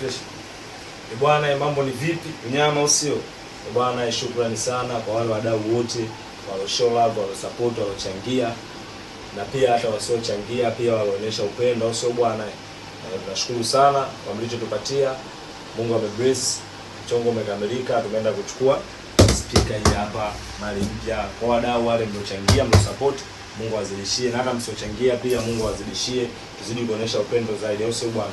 fresh. E bwana, e mambo ni vipi? Unyama usio e bwana, e shukrani sana kwa wale wadau wote walio show love, walio support, walio changia na pia hata wasiochangia pia walionyesha upendo, au sio bwana? E, tunashukuru sana kwa mlicho tupatia. Mungu amebless, mchongo umekamilika, tumeenda kuchukua speaker hii hapa mali mpya. Kwa wadau wale mliochangia, support. Mungu awazidishie, na hata msiochangia pia Mungu awazidishie, tuzidi kuonyesha upendo zaidi, au sio bwana?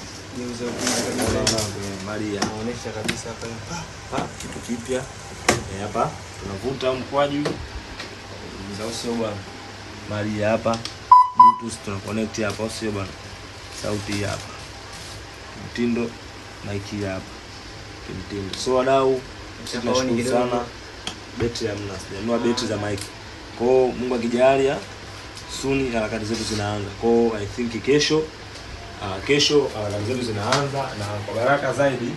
geuza Maria, naonesha kabisa hapa hapa kitu kipya eh, hapa, tunavuta mkwaju za usio bwana Maria hapa, bluetooth tuna connect hapa, usio bwana, sauti hapa, mtindo maiki hapa, mtindo. So wadau, tunashukuru sana. Betri hamna, sijanua ah. betri za maiki. Kwa Mungu akijalia, suni harakati zetu zinaanza. Kwa I think kesho Ah, kesho uh, zetu zinaanza na kwa baraka zaidi